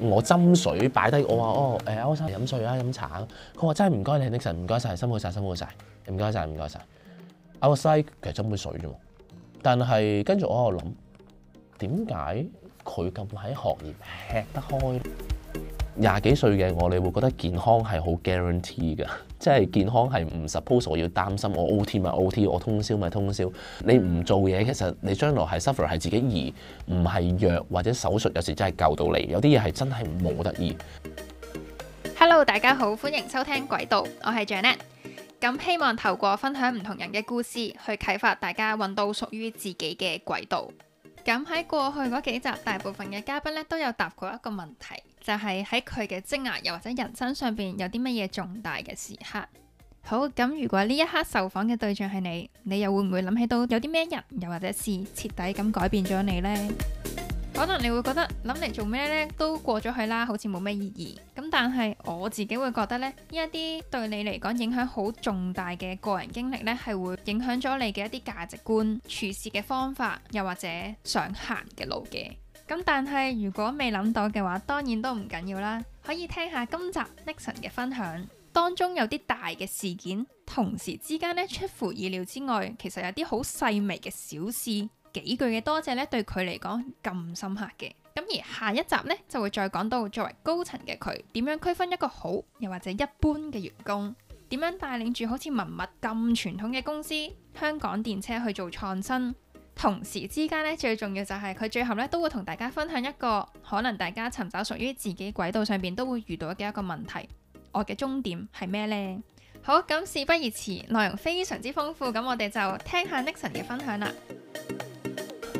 我斟水擺低，我話哦誒，歐生嚟飲水啊，飲茶啊，佢話真係唔該你 Nixon，唔該晒，辛苦晒，辛苦晒，唔該晒，唔該晒。歐生其實斟杯水啫，但係跟住我喺度諗點解佢咁喺行業吃得開咧？廿幾歲嘅我，你會覺得健康係好 guarantee 㗎，即係健康係唔 suppose 我要擔心我 OT 咪 OT，我通宵咪通宵。你唔做嘢，其實你將來係 suffer 係自己而唔係藥或者手術，有時真係救到你。有啲嘢係真係冇得醫。Hello，大家好，歡迎收聽軌道，我係 Janet。咁希望透過分享唔同人嘅故事，去啟發大家揾到屬於自己嘅軌道。咁喺過去嗰幾集，大部分嘅嘉賓咧都有答過一個問題。就係喺佢嘅職涯，又或者人生上邊有啲乜嘢重大嘅時刻。好，咁如果呢一刻受訪嘅對象係你，你又會唔會諗起到有啲咩人又或者事徹底咁改變咗你呢？ 可能你會覺得諗嚟做咩呢，都過咗去啦，好似冇咩意義。咁但係我自己會覺得呢，呢一啲對你嚟講影響好重大嘅個人經歷呢，係會影響咗你嘅一啲價值觀、處事嘅方法，又或者想行嘅路嘅。咁但係如果未諗到嘅話，當然都唔緊要啦。可以聽下今集 Nixon 嘅分享，當中有啲大嘅事件，同時之間呢，出乎意料之外，其實有啲好細微嘅小事，幾句嘅多謝呢，對佢嚟講咁深刻嘅。咁而下一集呢，就會再講到作為高層嘅佢點樣區分一個好又或者一般嘅員工，點樣帶領住好似文物咁傳統嘅公司香港電車去做創新。同時之間咧，最重要就係佢最後咧都會同大家分享一個可能大家尋找屬於自己軌道上邊都會遇到嘅一個問題。我嘅終點係咩呢？好咁，事不宜遲，內容非常之豐富。咁我哋就聽下 Nixon 嘅分享啦。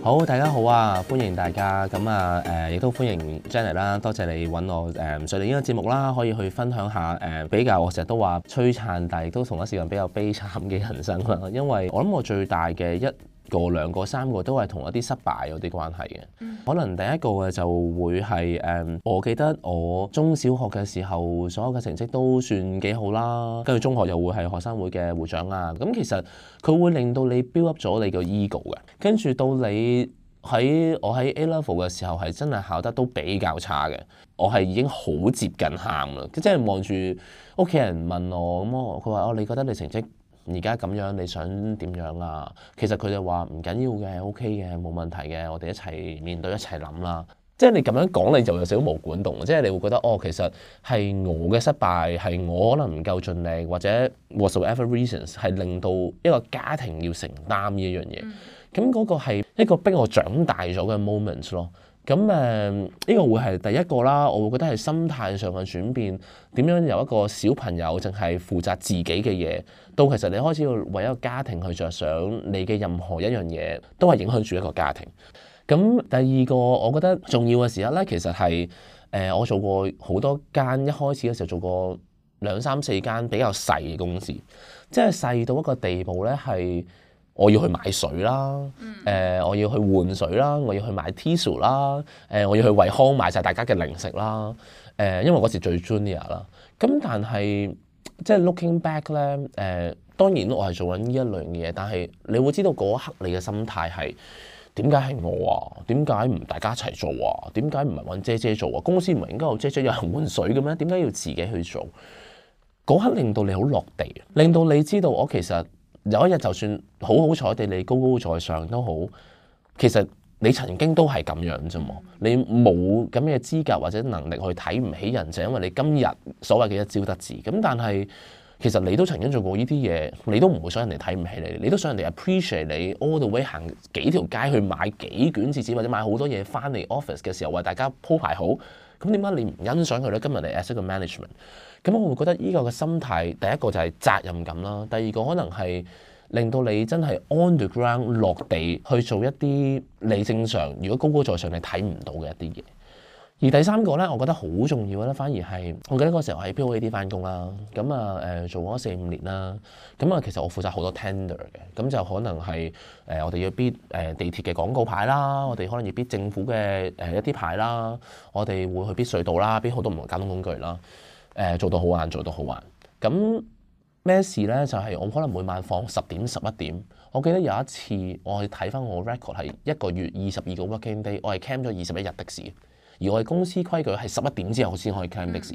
好，大家好啊，歡迎大家咁啊，誒亦、呃、都歡迎 Janet 啦。多謝你揾我唔、呃、上嚟呢個節目啦，可以去分享下誒、呃、比較我成日都話璀璨，但係亦都同一時間比較悲慘嘅人生啦。因為我諗我最大嘅一個兩個三個都係同一啲失敗有啲關係嘅、嗯，可能第一個嘅就會係誒，um, 我記得我中小學嘅時候，所有嘅成績都算幾好啦。跟住中學又會係學生會嘅會長啊。咁、嗯、其實佢會令到你 build up 咗你個 ego 嘅。跟住到你喺我喺 A level 嘅時候係真係考得都比較差嘅，我係已經好接近喊啦。即係望住屋企人問我咁咯，佢、嗯、話哦，你覺得你成績而家咁樣，你想點樣啊？其實佢就話唔緊要嘅，OK 嘅，冇問題嘅。我哋一齊面對，一齊諗啦。 即係你咁樣講，你就有少少無管動嘅。即係你會覺得，哦，其實係我嘅失敗，係我可能唔夠盡力，或者 whatever reasons，係令到一個家庭要承擔呢一樣嘢。咁嗰、嗯、個係一個逼我長大咗嘅 moment 咯。咁誒呢個會係第一個啦，我會覺得係心態上嘅轉變，點樣由一個小朋友淨係負責自己嘅嘢，到其實你開始要為一個家庭去着想，你嘅任何一樣嘢都係影響住一個家庭。咁第二個我覺得重要嘅時候呢，其實係誒、呃、我做過好多間，一開始嘅時候做過兩三四間比較細嘅公司，即係細到一個地步呢係。我要去買水啦，誒、嗯呃，我要去換水啦，我要去買 tissue 啦，誒、呃，我要去惠康買晒大家嘅零食啦，誒、呃，因為嗰時最 junior 啦，咁但係即係 looking back 咧，誒、呃，當然我係做緊呢一類嘅嘢，但係你會知道嗰一刻你嘅心態係點解係我啊？點解唔大家一齊做啊？點解唔係搵姐姐做啊？公司唔係應該有姐姐有人換水嘅咩？點解要自己去做？嗰刻令到你好落地，令到你知道我其實。有一日就算好好彩地你高高在上都好，其實你曾經都係咁樣啫喎，你冇咁嘅資格或者能力去睇唔起人，就因為你今日所謂嘅一招得志，咁但係。其實你都曾經做過呢啲嘢，你都唔會想人哋睇唔起你，你都想人哋 appreciate 你，all the way 行幾條街去買幾卷廁紙或者買好多嘢翻嚟 office 嘅時候為大家鋪排好。咁點解你唔欣賞佢呢？今日你 ask 個 management。咁我會覺得呢個嘅心態，第一個就係責任感啦，第二個可能係令到你真係 on the ground 落地去做一啲你正常如果高高在上你睇唔到嘅一啲嘢。而第三個咧，我覺得好重要咧，反而係我記得嗰時候喺 P O A D 翻工啦，咁啊誒做咗四五年啦，咁啊其實我負責好多 tender 嘅，咁就可能係誒、呃、我哋要 bid 誒地鐵嘅廣告牌啦，我哋可能要 bid 政府嘅誒一啲牌啦，我哋會去 bid 隧道啦，bid 好多唔同交通工具啦，誒、呃、做到好晏，做到好晏。咁咩事咧？就係、是、我可能每晚放十點十一點。我記得有一次我去睇翻我 record 係一個月二十二個 working day，我係 cam 咗二十一日的士。而我哋公司規矩係十一點之後我先可以 call 的士，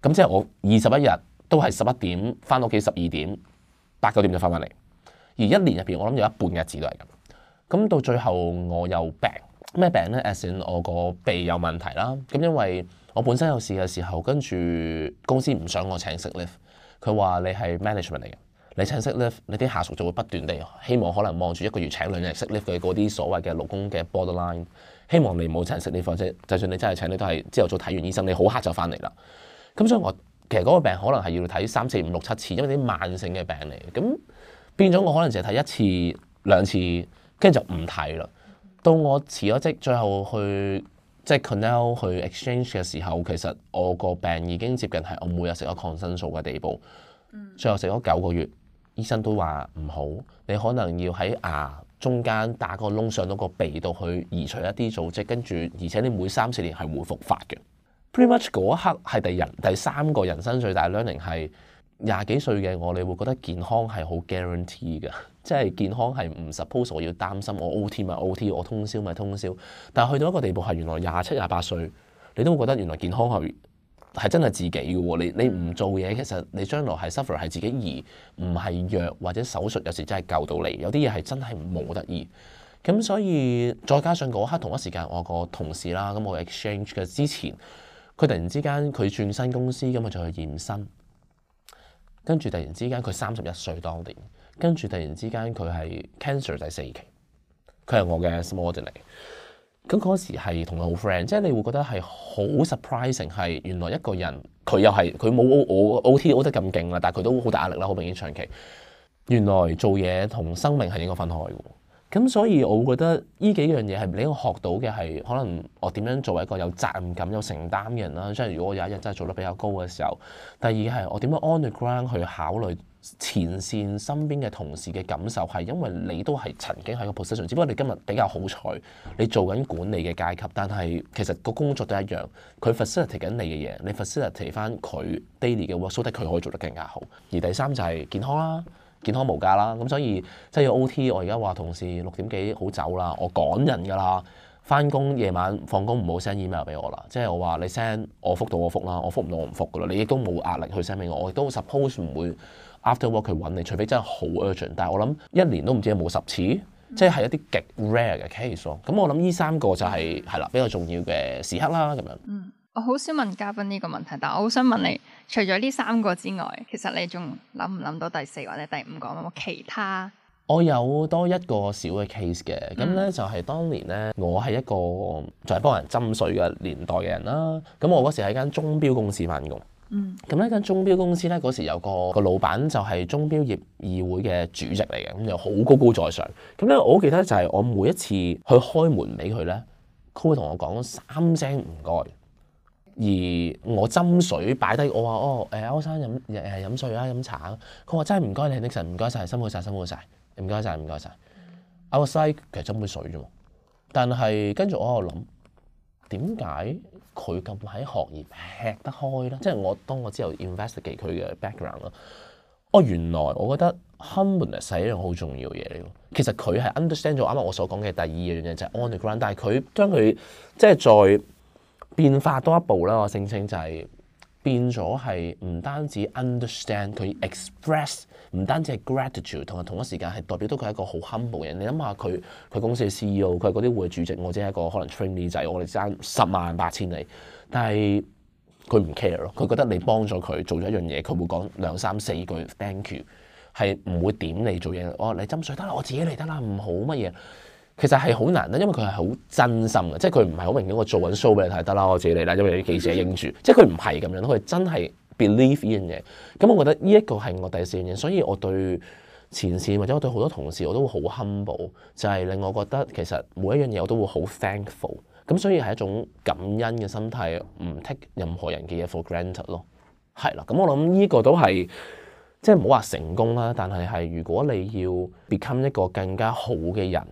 咁即係我二十一日都係十一點翻屋企十二點八九點就翻返嚟，而一年入邊我諗有一半日子都係咁。咁到最後我又病，咩病咧？As in 我個鼻有問題啦。咁因為我本身有事嘅時候，跟住公司唔想我請 sick leave 佢話你係 management 嚟嘅。你請息咧，你啲下屬就會不斷地希望可能望住一個月請兩日息咧，佢嗰啲所謂嘅勞工嘅 borderline，希望你冇請息你放息，就算你真係請你都係朝頭早睇完醫生，你好黑就翻嚟啦。咁所以我其實嗰個病可能係要睇三四五六七次，因為啲慢性嘅病嚟，咁變咗我可能淨係睇一次兩次，跟住就唔睇啦。到我辭咗職，最後去即係 Cornell 去 exchange 嘅時候，其實我個病已經接近係我每日食咗抗生素嘅地步，最後食咗九個月。醫生都話唔好，你可能要喺牙中間打個窿上到個鼻度去移除一啲組織，跟住而且你每三四年係會復發嘅。Pretty much 嗰一刻係第人第三個人生最大 learning，係廿幾歲嘅我，你會覺得健康係好 guarantee 嘅，即係健康係唔 suppose 我要擔心我 OT 咪 OT，我通宵咪通宵，但係去到一個地步係原來廿七廿八歲，你都會覺得原來健康係。係真係自己嘅喎，你你唔做嘢，其實你將來係 suffer 係自己而唔係藥或者手術，有時真係救到你。有啲嘢係真係冇得醫。咁所以再加上嗰刻同一時間，我個同事啦，咁我 exchange 嘅之前，佢突然之間佢轉新公司，咁咪就去驗身。跟住突然之間佢三十一歲當年，跟住突然之間佢係 cancer 第四期，佢係我嘅 smaller。咁嗰時係同佢好 friend，即係你會覺得係好 surprising，係原來一個人佢又係佢冇我 O T O 得咁勁啦，但係佢都好大壓力啦，好明顯長期。原來做嘢同生命係應該分開嘅。咁所以我覺得呢幾樣嘢係你應該學到嘅係可能我點樣作為一個有責任感、有承擔嘅人啦。即係如果我有一日真係做得比較高嘅時候，第二係我點樣 on the ground 去考慮。前線身邊嘅同事嘅感受係，因為你都係曾經係個 position，只不過你今日比較好彩，你做緊管理嘅階級，但係其實個工作都一樣，佢 facilitate 緊你嘅嘢，你 facilitate 翻佢 daily 嘅 work，使得佢可以做得更加好。而第三就係健康啦，健康無價啦。咁所以即係要 OT，我而家話同事六點幾好走啦，我趕人㗎啦，翻工夜晚放工唔好 send email 俾我啦。即係我話你 send，我覆到我覆啦，我覆唔到我唔覆㗎啦。你亦都冇壓力去 send 俾我，我亦都 suppose 唔會。After work 佢揾你，除非真係好 urgent，但係我諗一年都唔知有冇十次，即係一啲極 rare 嘅 case 咯。咁我諗呢三個就係係啦比較重要嘅時刻啦。咁樣，嗯，我好少問嘉賓呢個問題，但我好想問你，除咗呢三個之外，其實你仲諗唔諗到第四或者第五個？有冇其他？我有多一個小嘅 case 嘅，咁咧就係當年咧，我係一個就係幫人斟水嘅年代嘅人啦。咁我嗰時喺間鐘錶公司翻工。嗯，咁呢間鐘錶公司咧，嗰時有個個老闆就係鐘錶業議會嘅主席嚟嘅，咁又好高高在上。咁咧我記得就係我每一次去開門俾佢咧，佢會同我講三聲唔該。而我斟水擺低，我話哦，誒，歐生飲誒飲水啊，飲茶啊，佢話真係唔該你 Nixon 唔該晒，辛苦晒，辛苦晒。唔該晒，唔該曬。歐生其實斟杯水啫，但係跟住我喺度諗。點解佢咁喺行業食得開咧？即係我當我之後 investigate 佢嘅 background 啦。哦，原來我覺得 humbleness 係一樣好重要嘅嘢嚟。其實佢係 understand 咗啱啱我所講嘅第二樣嘢，就係 on the ground。但係佢將佢即係再變化多一步啦。我聲稱就係。變咗係唔單止 understand 佢 express，唔單止係 gratitude，同埋同一時間係代表到佢係一個好 humble 嘅人。你諗下佢佢公司嘅 CEO，佢係嗰啲會主席，我只係一個可能 trainee、er、仔，我哋爭十萬八千里，但係佢唔 care 咯。佢覺得你幫咗佢做咗一樣嘢，佢會講兩三四句 thank you，係唔會點你做嘢。我你斟水得啦，我自己嚟得啦，唔好乜嘢。其實係好難咧，因為佢係好真心嘅，即係佢唔係好明顯我做緊 show 俾你睇得啦，我自己嚟啦，因為啲記者應住，即係佢唔係咁樣，佢真係 believe 呢樣嘢。咁我覺得呢一個係我第四樣嘢，所以我對前線或者我對好多同事我都會好堪補，就係、是、令我覺得其實每一樣嘢我都會好 thankful。咁所以係一種感恩嘅心態，唔 take 任何人嘅嘢 for granted 咯。係啦，咁我諗呢個都係即係冇話成功啦，但係係如果你要 become 一個更加好嘅人。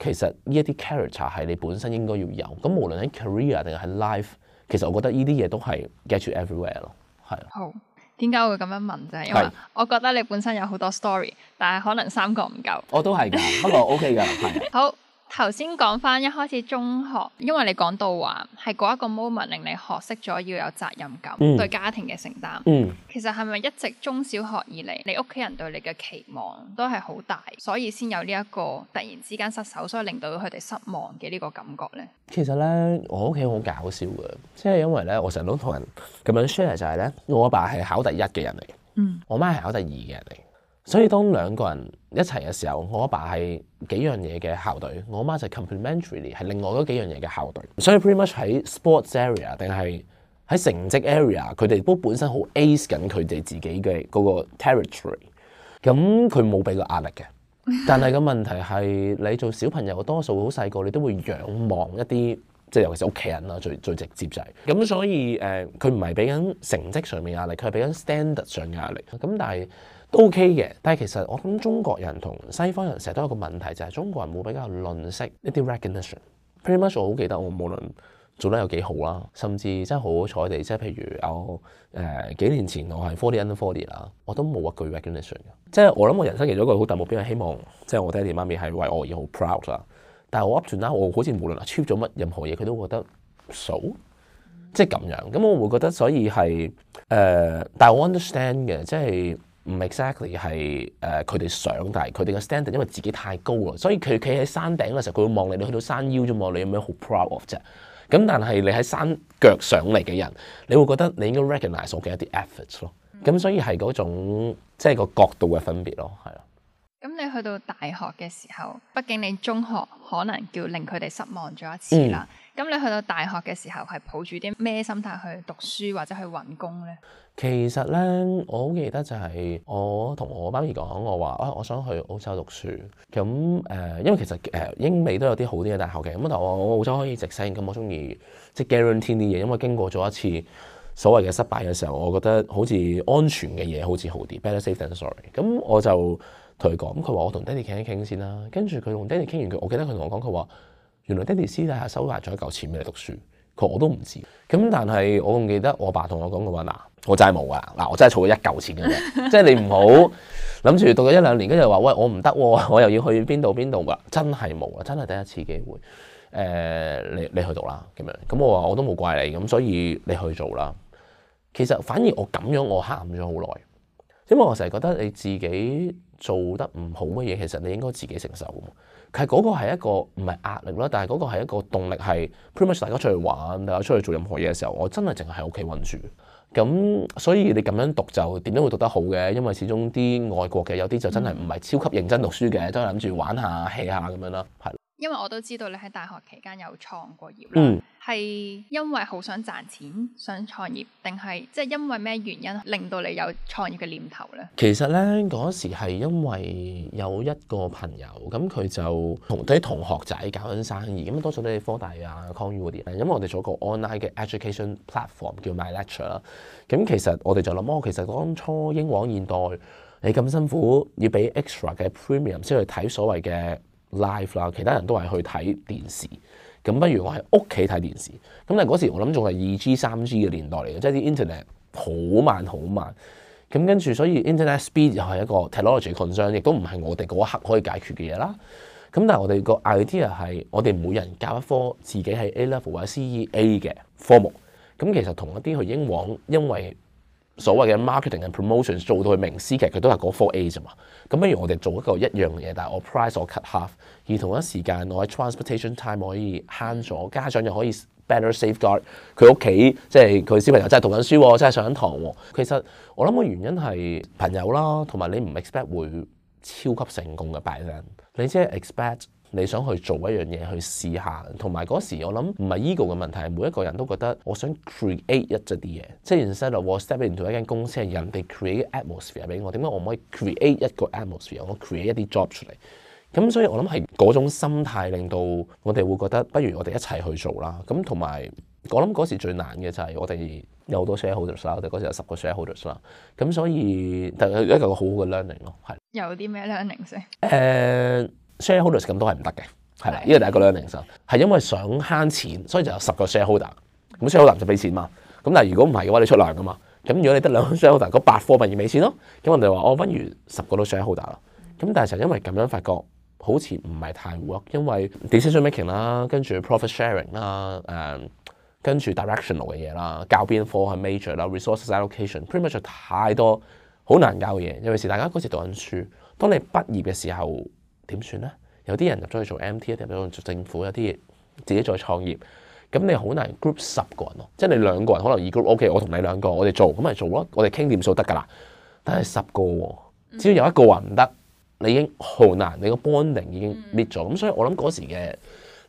其實呢一啲 character 係你本身應該要有，咁無論喺 career 定係 life，其實我覺得呢啲嘢都係 get you everywhere 咯，係。好，點解會咁樣問啫？即係因為我覺得你本身有好多 story，但係可能三個唔夠。 我都係㗎，不過我 OK 㗎，係。 好。頭先講翻一開始中學，因為你講到話係嗰一個 moment 令你學識咗要有責任感，對家庭嘅承擔。嗯、其實係咪一直中小學以嚟，你屋企人對你嘅期望都係好大，所以先有呢一個突然之間失手，所以令到佢哋失望嘅呢個感覺呢？其實呢，我屋企好搞笑嘅，即係因為呢，我成日都同人咁樣 share 就係呢：「我阿爸係考第一嘅人嚟，嗯、我媽係考第二嘅人嚟。所以當兩個人一齊嘅時候，我阿爸係幾樣嘢嘅校隊，我媽就 complementary 係另外嗰幾樣嘢嘅校隊。所以 pretty much 喺 sports area 定係喺成績 area，佢哋都本身好 ace 緊佢哋自己嘅嗰個 territory。咁佢冇俾個壓力嘅，但係個問題係你做小朋友，多數好細個，你都會仰望一啲，即係尤其是屋企人啦，最最直接就係、是。咁所以誒，佢唔係俾緊成績上面壓力，佢係俾緊 standard 上嘅壓力。咁但係。都 OK 嘅，但係其實我諗中國人同西方人成日都有個問題，就係、是、中國人冇比較吝嗇一啲 recognition。Pretty much，我好記得我無論做得有幾好啦，甚至真係好彩地，即係譬如有誒、呃、幾年前我係 Forty under Forty 啊，我都冇一句 recognition 嘅。即係我諗我人生其中一個好大目標係希望，即係我爹哋媽咪係為我而好 proud 啦。但係我 up to now 啦我好似無論係超咗乜任何嘢，佢都覺得數、so，即係咁樣。咁我會覺得所以係誒、呃，但係我 understand 嘅，即係。唔 exactly 係誒佢哋想，但係佢哋嘅 standard 因為自己太高啦，所以佢企喺山頂嘅時候，佢會望你，你去到山腰啫嘛，你有咩好 proud of 啫？咁但係你喺山腳上嚟嘅人，你會覺得你應該 recognise 我嘅一啲 efforts 咯。咁所以係嗰種即係、就是、個角度嘅分別咯，係啦。咁你去到大學嘅時候，畢竟你中學可能叫令佢哋失望咗一次啦。咁、嗯、你去到大學嘅時候，係抱住啲咩心態去讀書或者去揾工呢？其實呢，我好記得就係我同我媽咪講，我話啊，我想去澳洲讀書。咁、嗯、誒，因為其實誒，英美都有啲好啲嘅，大學嘅，期咁啊，但我澳洲可以直升，咁、嗯、我中意即係 guarantee 啲嘢。因為經過咗一次所謂嘅失敗嘅時候，我覺得好似安全嘅嘢好似好啲，mm.，better safe than sorry，嗯。咁我就。佢講，佢話我同爹哋傾一傾先啦。跟住佢同爹哋傾完，佢我記得佢同我講，佢話原來爹哋私底下收埋咗一嚿錢俾你讀書。佢我都唔知。咁但係我仲記得我爸同我講，佢話嗱我真係冇噶，嗱我真係儲咗一嚿錢嘅啫。即係 你唔好諗住讀咗一兩年，跟住話喂我唔得，我又要去邊度邊度噶，真係冇啊！真係第一次機會，誒、呃、你你去讀啦咁樣。咁我話我都冇怪你，咁所以你去做啦。其實反而我咁樣我喊咗好耐。因為我成日覺得你自己做得唔好乜嘢，其實你應該自己承受嘅。其實嗰個係一個唔係壓力咯，但係嗰個係一個動力，係 pretty much 大家出去玩、大家出去做任何嘢嘅時候，我真係淨係喺屋企温住。咁所以你咁樣讀就點都會讀得好嘅，因為始終啲外國嘅有啲就真係唔係超級認真讀書嘅，嗯、都係諗住玩下、戲下咁樣啦，係。因為我都知道你喺大學期間有創過業啦，係、嗯、因為好想賺錢想創業，定係即係因為咩原因令到你有創業嘅念頭咧？其實咧嗰時係因為有一個朋友，咁佢就同啲同學仔搞緊生意，咁多數都係科大啊、康院嗰啲。因為我哋做一個 online 嘅 education platform 叫 My Lecture 啦、啊。咁其實我哋就諗，我其實當初英皇現代你咁辛苦要俾 extra 嘅 premium 先去睇所謂嘅。live 啦，其他人都係去睇電視咁，不如我喺屋企睇電視咁。但係嗰時我諗仲係二 G、三 G 嘅年代嚟嘅，即係啲 internet 好慢好慢咁，跟住所以 internet speed 又係一個 technology constrain，亦都唔係我哋嗰一刻可以解決嘅嘢啦。咁但係我哋個 idea 係我哋每人教一科自己係 A level 或者 CEA 嘅科目，咁其實同一啲去英皇，因為。所謂嘅 marketing and promotions 做到去名師，其實佢都係嗰 four A 咋嘛？咁不如我哋做一個一樣嘢，但係我 price 我 cut half，而同一時間我喺 transportation time 可以慳咗，家長又可以 better safeguard 佢屋企，即係佢小朋友真係讀緊書，真係上緊堂。其實我諗個原因係朋友啦，同埋你唔 expect 會超級成功嘅 balance 你即係 expect。你想去做一樣嘢去試下，同埋嗰時我諗唔係 ego 嘅問題，係每一個人都覺得我想 create 一啲嘢。即係 instead of 我 step into 一間公司係人哋 create atmosphere 俾我，點解我唔可以 create 一個 atmosphere？我 create 一啲 job 出嚟。咁所以我諗係嗰種心態令到我哋會覺得不如我哋一齊去做啦。咁同埋我諗嗰時最難嘅就係我哋有好多 shareholders 啦，我哋嗰時有十個 shareholders 啦。咁所以就一個好好嘅 learning 咯，係。有啲咩 learning 先？誒。shareholders，咁多係唔得嘅。係啦，呢個第一個兩零十係因為想慳錢，所以就有十個 shareholder，咁 shareholder 就俾錢嘛。咁但係如果唔係嘅話，你出糧噶嘛。咁如果你得兩 shareholder，個百貨畢業咪要俾錢咯。咁我哋話哦，不如十個都 shareholder 啦。咁但係就因為咁樣發覺好似唔係太 work，因為 decision making 啦，跟住 profit sharing 啦，誒，跟住 directional 嘅嘢啦，教邊科係 major 啦，resources allocation，premature 太多好難教嘅嘢，尤其是大家嗰時讀緊書，當你畢業嘅時候。點算咧？有啲人入咗去做 MT，有啲做政府，有啲自己再創業。咁你好難 group 十個人咯，即係你兩個人可能二、e、group，O、OK, K，我同你兩個，我哋做咁咪做咯，我哋傾掂數得噶啦。但係十個，只要有一個話唔得，你已經好難，你個 bonding 已經滅咗。咁、嗯、所以我諗嗰時嘅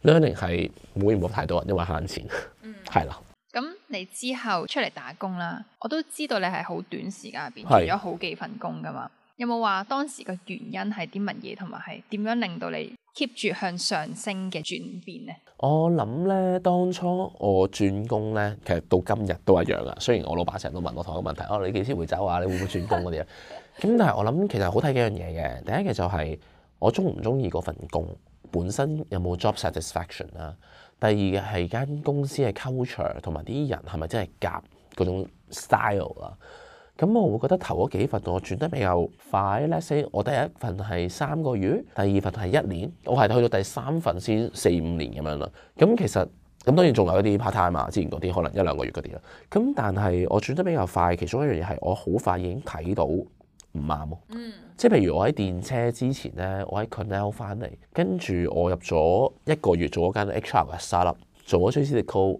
learning 係會唔會太多人，因為慳錢，係啦、嗯。咁的你之後出嚟打工啦，我都知道你係好短時間入邊做咗好幾份工噶嘛。有冇話當時個原因係啲乜嘢，同埋係點樣令到你 keep 住向上升嘅轉變呢？我諗呢，當初我轉工呢，其實到今日都一樣啊。雖然我老闆成日都問我同一個問題，哦，你幾時會走啊？你會唔會轉工嗰啲咧？咁 但係我諗，其實好睇幾樣嘢嘅。第一嘅就係、是、我中唔中意嗰份工，本身有冇 job satisfaction 啦、啊。第二嘅係間公司嘅 culture，同埋啲人係咪真係夾嗰種 style 啊？咁我會覺得頭嗰幾份我轉得比較快，Let's say 例如我第一份係三個月，第二份係一年，我係去到第三份先四五年咁樣啦。咁其實咁當然仲有啲 part time 啊，之前嗰啲可能一兩個月嗰啲啦。咁但係我轉得比較快，其中一樣嘢係我好快已經睇到唔啱咯。嗯，即係譬如我喺電車之前咧，我喺 Cornell 翻嚟，跟住我入咗一個月做嗰間 HR 嘅 startup，做咗 three years call。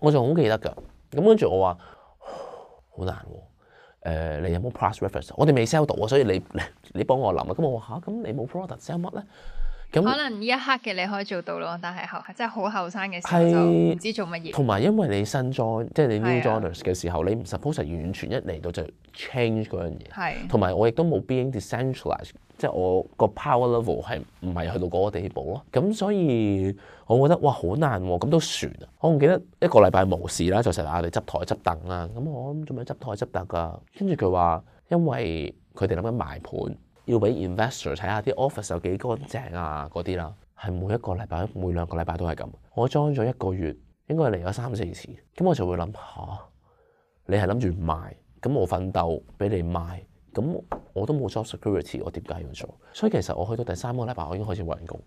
我仲好記得㗎，咁跟住我話好難喎、啊呃，你有冇 price，reference？我哋未 sell，到，所以你你 你幫我諗啊。咁我話吓？咁你冇 product sell 乜咧？那可能呢一刻嘅你可以做到咯，但係後即係好後生嘅時候就唔知做乜嘢。同埋因為你新 join 即係你 new joiners 嘅時候，的你唔 suppose 完全一嚟到就 change 嗰樣嘢。係的，同埋我亦都冇 being decentralized 即係我個 power level 係唔係去到嗰個地步咯。咁所以我覺得哇好難喎、啊，咁都船啊！我唔記得一個禮拜無事啦，就成日啊嚟執台執凳啦。咁我做咩執台執凳㗎？跟住佢話，因為佢哋諗緊賣盤。要俾 investor 睇下啲 office 有幾乾淨啊，嗰啲啦，係每一個禮拜，每兩個禮拜都係咁。我裝咗一個月，應該嚟咗三四次。咁我就會諗吓，你係諗住賣，咁我奮鬥俾你賣，咁我都冇 job security，我點解要做？所以其實我去到第三個禮拜，我已經開始揾工，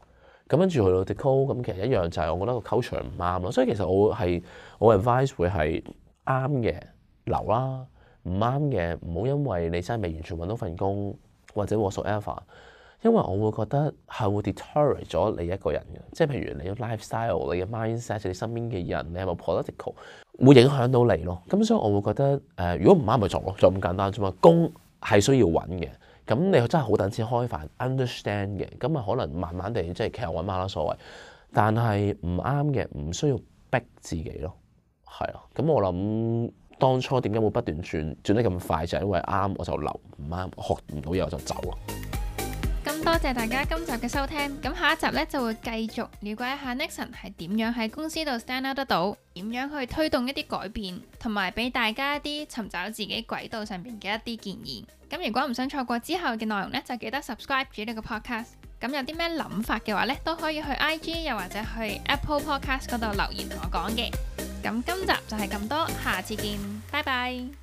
咁跟住去到 decor，咁其實一樣就係我覺得個 culture 唔啱咯。所以其實我係我 advice 會係啱嘅留啦，唔啱嘅唔好，因為你真係未完全揾到份工。或者我屬 Alpha，e、因為我會覺得係會 deteriorate 咗你一個人嘅，即係譬如你嘅 lifestyle、你嘅 mindset、你身邊嘅人，你有冇 political 會影響到你咯。咁所以我會覺得誒、呃，如果唔啱咪做咯，就咁簡單啫嘛。工係需要揾嘅，咁你真係好等錢開飯 understand 嘅，咁啊可能慢慢地即係其實揾下啦所謂，但係唔啱嘅唔需要逼自己咯，係啊，咁我諗。當初點解會不斷轉轉得咁快，就係因為啱我就留，唔啱學唔到嘢我就走啦。咁多謝大家今集嘅收聽，咁下一集呢，就會繼續了解一下 Nixon 係點樣喺公司度 stand out 得到，點樣去推動一啲改變，同埋俾大家一啲尋找自己軌道上面嘅一啲建議。咁如果唔想錯過之後嘅內容呢，就記得 subscribe 住你個 podcast。咁有啲咩諗法嘅話呢，都可以去 I G 又或者去 Apple Podcast 嗰度留言同我講嘅。咁今集就係咁多，下次見，拜拜。